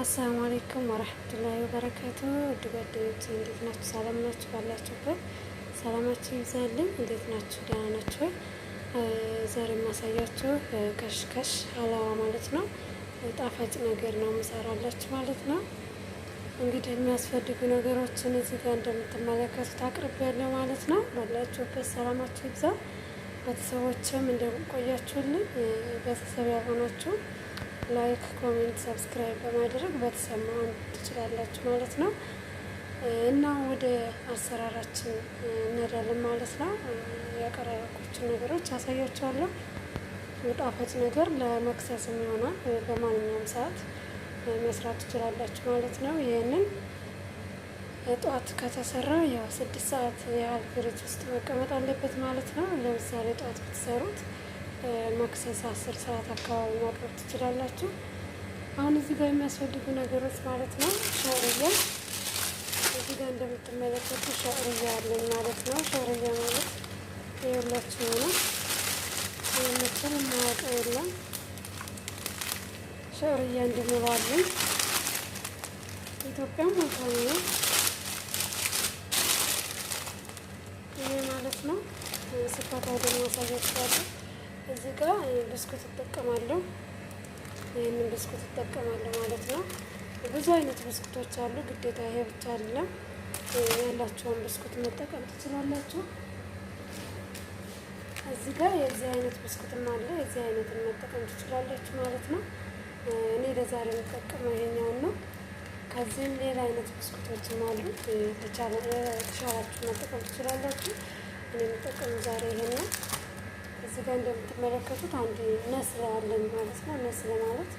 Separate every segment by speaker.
Speaker 1: አሰላሙ አለይኩም ወረህመቱላሂ ወበረካቱ ውድ ጓደኞቼ እንዴት ናችሁ? ሰላም ናችሁ? ባላችሁበት ሰላማችሁ ይብዛልኝ። እንዴት ናችሁ? ደህና ናችሁ? ዛሬ የማሳያችሁ ከሽከሽ አላዋ ማለት ነው። ጣፋጭ ነገር ነው የምሰራላችሁ ማለት ነው። እንግዲህ የሚያስፈልጉ ነገሮችን እዚህ ጋር እንደምትመለከቱት አቅርቤያለሁ ማለት ነው። ባላችሁበት ሰላማችሁ ይብዛ። ቤተሰቦችም እንደቆያችሁልኝ ቤተሰብ ያልሆናችሁ ላይክ፣ ኮሜንት፣ ሰብስክራይብ በማድረግ በተሰማ ትችላላችሁ ማለት ነው። እና ወደ አሰራራችን እንሄዳለን ማለት ነው። ያቀረብኩትን ነገሮች አሳያችኋለሁ። ጣፋጭ ነገር ለመክሰስ ይሆናል። በማንኛውም ሰዓት መስራት ትችላላችሁ ማለት ነው። ይህንን ጠዋት ከተሰራ ያው ስድስት ሰዓት ያህል ፍሪጅ ውስጥ መቀመጥ አለበት ማለት ነው። ለምሳሌ ጠዋት ብትሰሩት መክሰስ አስር ሰዓት አካባቢ ማቅረብ ትችላላችሁ። አሁን እዚህ ጋር የሚያስፈልጉ ነገሮች ማለት ነው ሸርያ እዚህ ጋር እንደምትመለከቱ ሸርያ ያለኝ ማለት ነው። ሸርያ ማለት የሁላችሁ ሆነ የምትል የማያውቀው የለም። ሸርያ እንድንባለን ኢትዮጵያ ሞታኒ ነው ይሄ ማለት ነው። ስፋት አይደል ማሳያችኋለሁ እዚህ ጋር ብስኩት እጠቀማለሁ። ይህንን ብስኩት እጠቀማለሁ ማለት ነው። ብዙ አይነት ብስኩቶች አሉ። ግዴታ ይሄ ብቻ አይደለም። ያላቸውን ብስኩት መጠቀም ትችላላችሁ። እዚህ ጋር የዚህ አይነት ብስኩትም አለ። የዚህ አይነትን መጠቀም ትችላላችሁ ማለት ነው። እኔ ለዛሬ የምጠቀመው ይሄኛውን ነው። ከዚህም ሌላ አይነት ብስኩቶችም አሉ። ተቻላችሁ መጠቀም ትችላላችሁ። እኔ የምጠቀሙ ዛሬ ይሄን ነው። እዚህ ጋር እንደምትመለከቱት አንድ ነስለ አለኝ ማለት ነው። ነስለ ማለት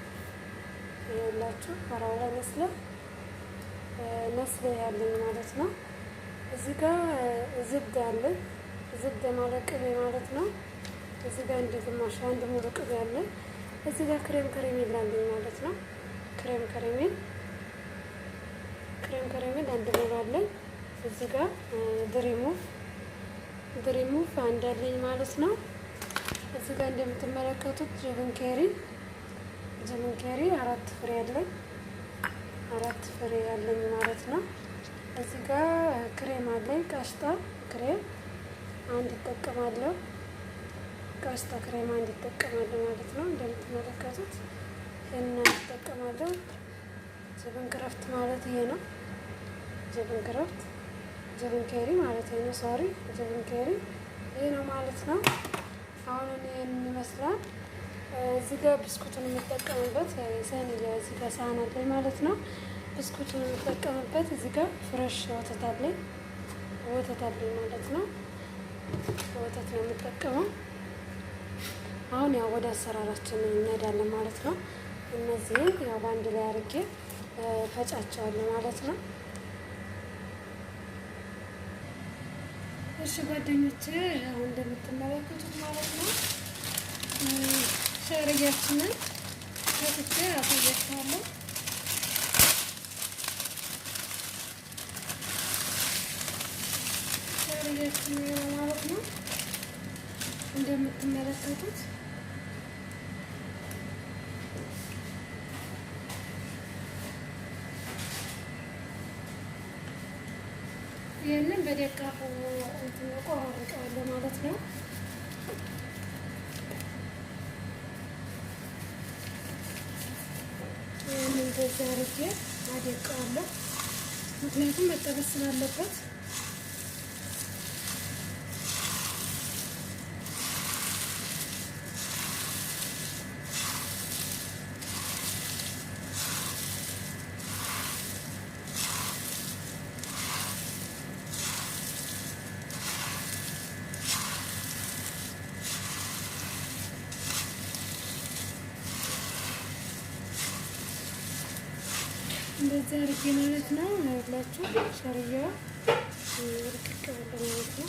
Speaker 1: ይኸውላችሁ አራው ላይ ነስለ ነስለ ያለኝ ማለት ነው። እዚህ ጋር ዝብድ አለኝ። ዝብድ ማለት ቅቤ ማለት ነው። እዚህ ጋር እንደ ግማሽ አንድ ሙሉ ቅቤ አለኝ። እዚህ ጋር ክሬም ክሬም ይላለኝ ማለት ነው። ክሬም ክሬሜን ክሬም ክሬሜን አንድ ሙሉ አለን። እዚህ ጋር ድሪሙ ድሪሙ አንድ አለኝ ማለት ነው። እዚህ ጋር እንደምትመለከቱት ጀብን ኬሪ ጀብን ኬሪ አራት ፍሬ ያለኝ አራት ፍሬ ያለኝ ማለት ነው። እዚህ ጋር ክሬም አለኝ ቃሽጣ ክሬም አንድ ይጠቀማለሁ። ቃሽጣ ክሬም አንድ ይጠቀማለሁ ማለት ነው። እንደምትመለከቱት ይህን ይጠቀማለሁ። ጀብን ክረፍት ማለት ይሄ ነው። ጀብን ክረፍት ጀብን ኬሪ ማለት ነው። ሶሪ ጀብን ኬሪ ይሄ ነው ማለት ነው። አሁን እኔ የሚመስለው እዚህ ጋር ብስኩቱን የምጠቀምበት ሰን እዚህ ጋር ሳህን አለኝ ማለት ነው። ብስኩቱን የምጠቀምበት እዚህ ጋር ፍረሽ ወተት አለኝ ወተት አለኝ ማለት ነው። ወተት ነው የምጠቀመው። አሁን ያው ወደ አሰራራችን እንሄዳለን ማለት ነው። እነዚህም ያው በአንድ ላይ አድርጌ ፈጫቸዋለሁ ማለት ነው። እሺ ጓደኞች አሁን እንደምትመለከቱት ማለት ነው ሸርያችንን ወጥቼ አሳያችኋለሁ። ሸርያችን ማለት ነው እንደምትመለከቱት ይህንን በደቃቁ ቆራርጠዋለሁ ማለት ነው። ይህንን በዛ አድርጌ አደቀዋለሁ፣ ምክንያቱም መጠበስ ስላለበት እንደዚህ አድርጌ ማለት ነው ያላችሁ ሸርያዋ ርቅቅ ብሎ ማለት ነው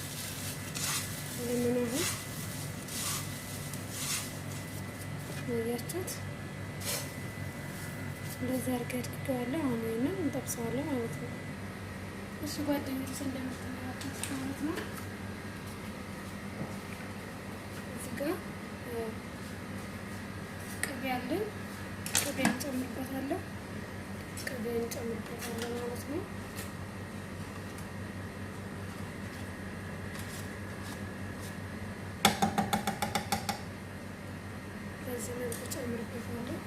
Speaker 1: ለምን አሁን ያያችሁት እንደዚህ አድርጌ አድርጌዋለሁ። አሁን ይሄንን እንጠብሰዋለን ማለት ነው። እሱ ጓደኞች እንደምትመለከቱት ማለት ነው እዚህ ጋር ጨምርበታለሁ ማለት ነው። በዚህ መልኩ ጨምርበታለሁ።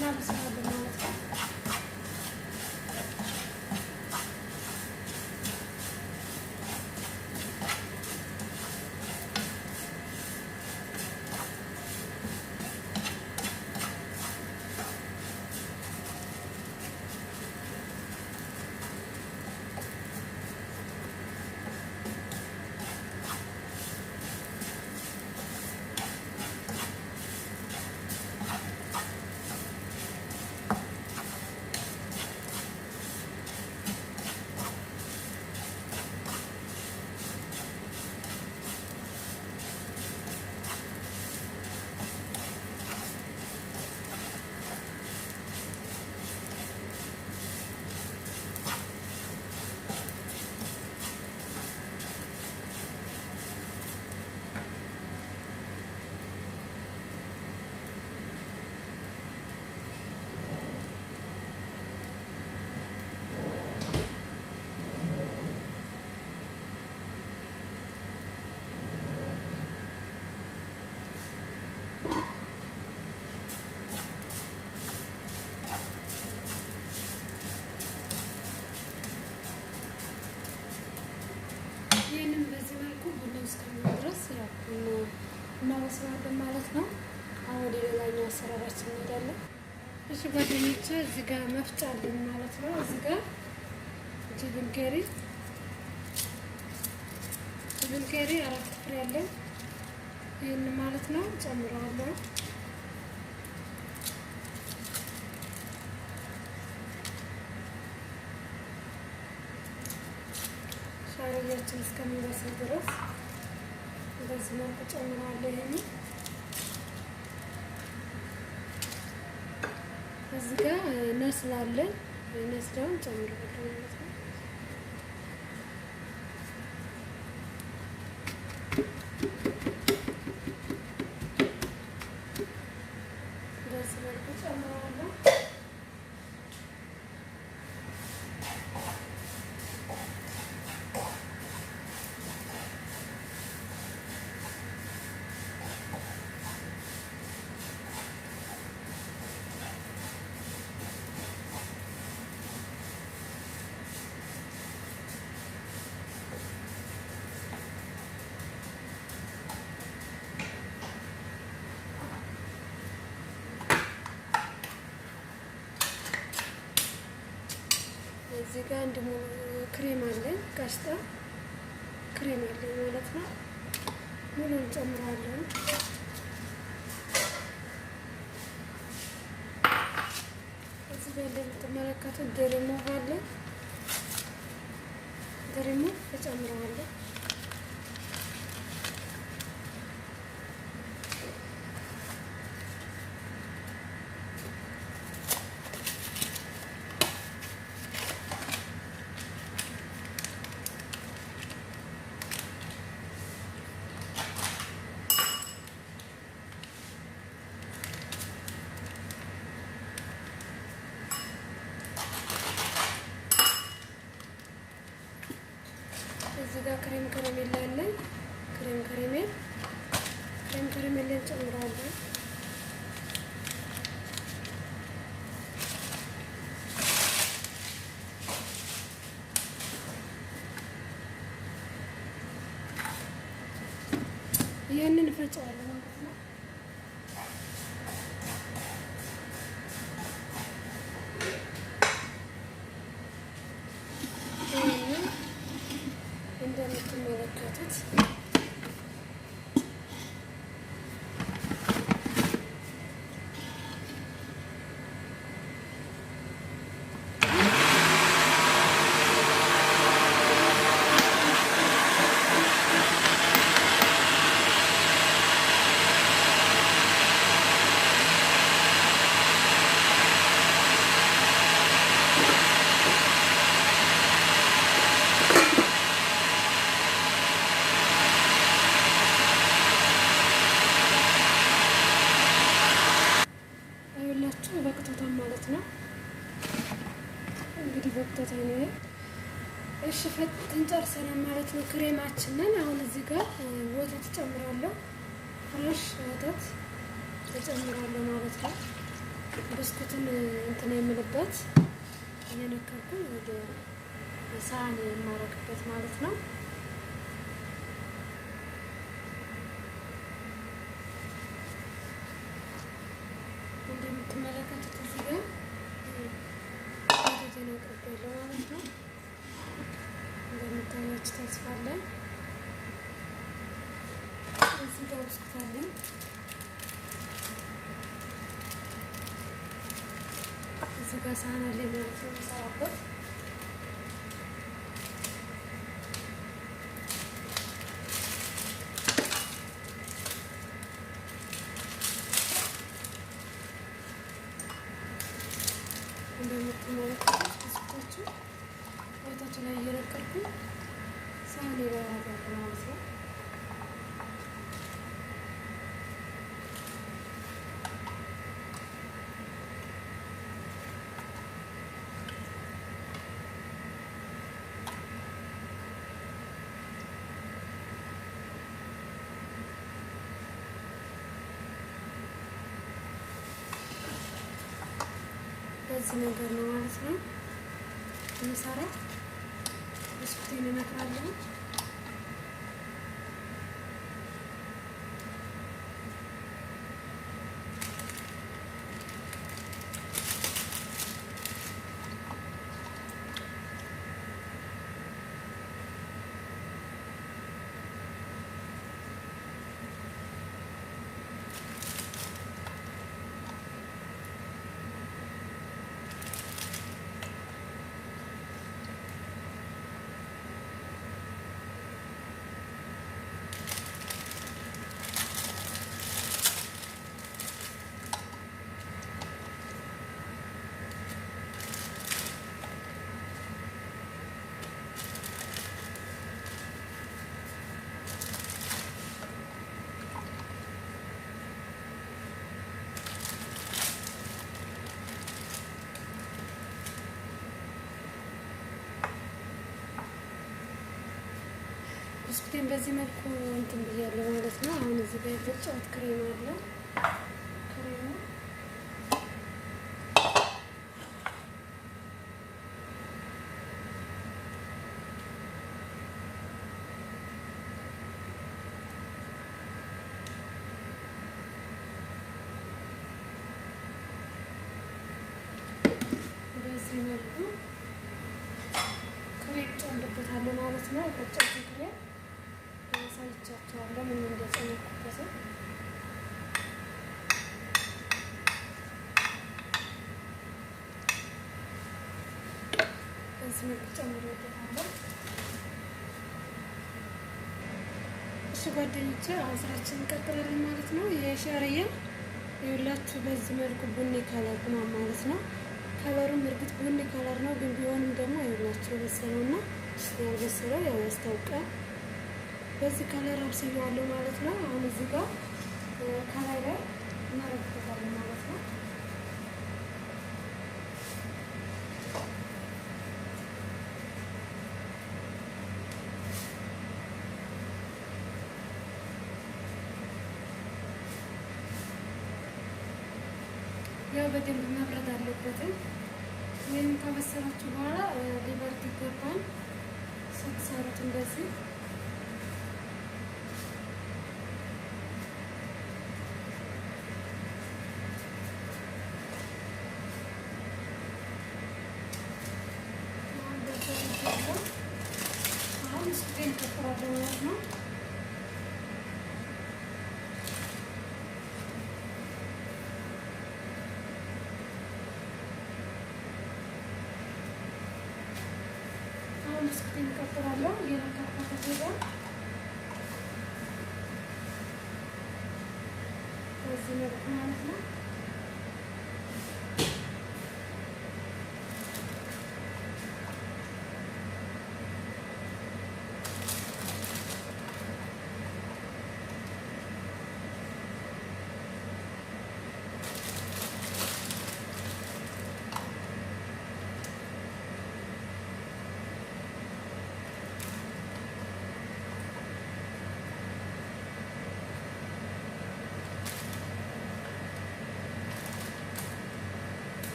Speaker 1: Нам згадано. አሰራራችን እንሄዳለን። እሺ ጓደኞቼ እዚህ ጋር መፍጫለን ማለት ነው። እዚህ ጋር ጅብን ገሪ ጅብን ገሪ አራት ክፍል ያለን ይህን ማለት ነው ጨምረዋለሁ። ሻርያችን እስከሚበስል ድረስ በዚህ መልኩ ጨምረዋለሁ ይህን እዚህ ጋር ነስላለን። ነስዳውን ጨምርበታል ማለት ነው። እዚህ ጋር አንድ ክሬም አለኝ ካስታ ክሬም አለኝ ማለት ነው። ሙሉን ጨምራለሁ። እዚህ ጋር እንደምትመለከቱት ድሪሞ አለ፣ ድሪሞ እጨምረዋለሁ ክሬም ከረሜላ አለን። ክሬም ከረሜላ ክሬም ከረሜላ እንጨምራለን። ይህንን እፈጨዋለሁ። ጫን የማረግበት ማለት ነው። እንደምትመለከቱት እዚህ ጋር ወተቴን አቅርቤያለሁ ማለት ነው። እንደምታዩት ተስፋ አለን። እዚህ ጋር ውስጥታለን እዚህ ጋር ሳህን አለን ማለት ነው የምሰራበት እንደምትመለከቱት ብስኩቶቹ ወተቱ ላይ እየነቀልኩ ሳህኔ ላይ ማለት ነው። በዚህ ነገር ነው ማለት ነው ለምሳሌ ብስኩቴን እመክራለሁ። ፊቴን በዚህ መልኩ እንትን ብያለሁ ማለት ነው። አሁን እዚህ ላይ ጨውት ክሬም አለ። ክሬሙ በዚህ መልኩ ክሬም ጨምርበታለሁ ማለት ነው። አሳያቸዋለሁ ምን እንደጨመርኩበት በዚህ መልኩ ጨምሬበታለሁ። እሺ ጓደኞቼ አሁን ስራችን እንቀጥላለን ማለት ነው። የሻርያ የሁላችሁ በዚህ መልኩ ቡኒ ከለር ነው ማለት ነው። ከለሩም እርግጥ ቡኒ ከለር ነው፣ ግን ቢሆንም ደግሞ የሁላችሁ የበሰለው እና ያልበሰለው ያው ያስታውቃል። በዚህ ከለር አብስያዋለሁ ማለት ነው። አሁን እዚህ ጋር ከላይ ላይ እናረግበታለን ማለት ነው። ያው በደንብ you.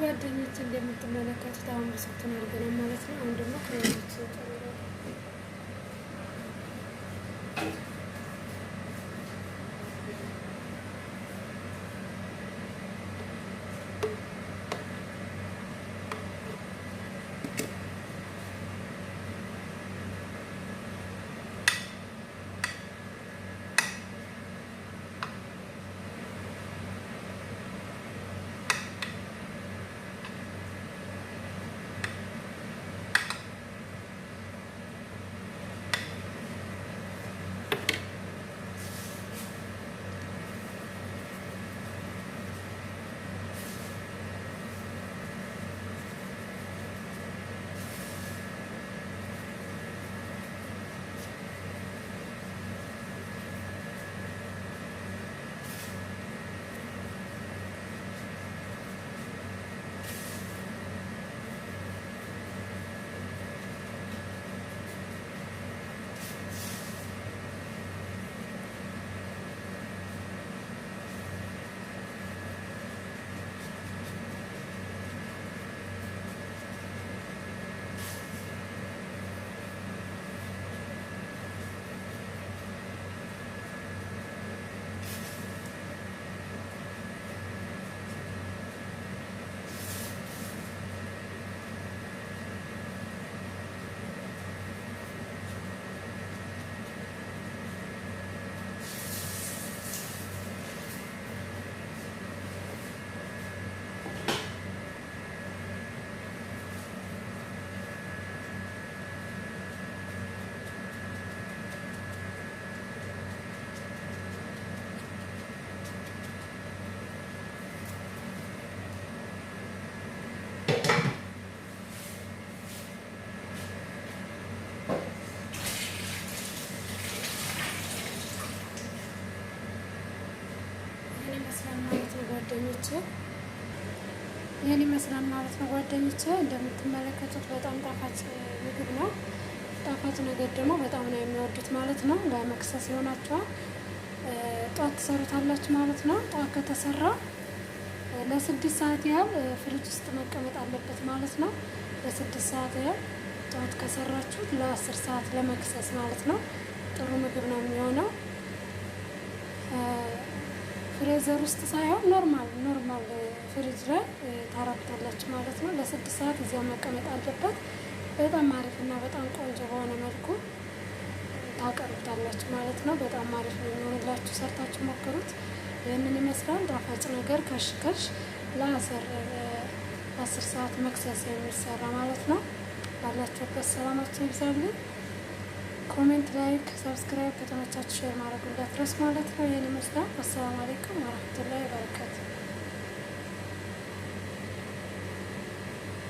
Speaker 1: ጓደኞች እንደምትመለከቱት አሁን ብስኩትን አድርገናል ማለት ነው። አሁን ደግሞ ከሌሎች ክሬሞች ጓደኞቼ ይህን ይመስላል ማለት ነው። ጓደኞቼ እንደምትመለከቱት በጣም ጣፋጭ ምግብ ነው። ጣፋጭ ነገር ደግሞ በጣም ነው የሚወዱት ማለት ነው። ለመክሰስ ይሆናቸዋል። ጧት ትሰሩታላችሁ ማለት ነው። ጠዋት ከተሰራ ለስድስት ሰዓት ያህል ፍሪጅ ውስጥ መቀመጥ አለበት ማለት ነው። ለስድስት ሰዓት ያህል ጧት ከሰራችሁት ለአስር ሰዓት ለመክሰስ ማለት ነው ጥሩ ምግብ ነው የሚሆነው። ፍሬዘር ውስጥ ሳይሆን ኖርማል ኖርማል ፍሪጅ ላይ ታረግታላችሁ ማለት ነው። ለስድስት ሰዓት እዚያ መቀመጥ አለበት። በጣም አሪፍ እና በጣም ቆንጆ በሆነ መልኩ ታቀርብታለች ማለት ነው። በጣም አሪፍ የሚሆንላችሁ። ሰርታችሁ ሞክሩት። ይህንን ይመስላል ጣፋጭ ነገር ከሽ ከሽ ለአስር አስር ሰዓት መክሰስ የሚሰራ ማለት ነው። ባላችሁበት ሰላማችሁ ይብዛልን። ኮሜንት፣ ላይክ፣ ሰብስክራይብ ከተመቻችሁ ሼር ማድረግ እንዳትረሱ ማለት ነው። ይህን ይመስላል። አሰላሙ አለይኩም ወረህመቱላሂ ወበረካቱ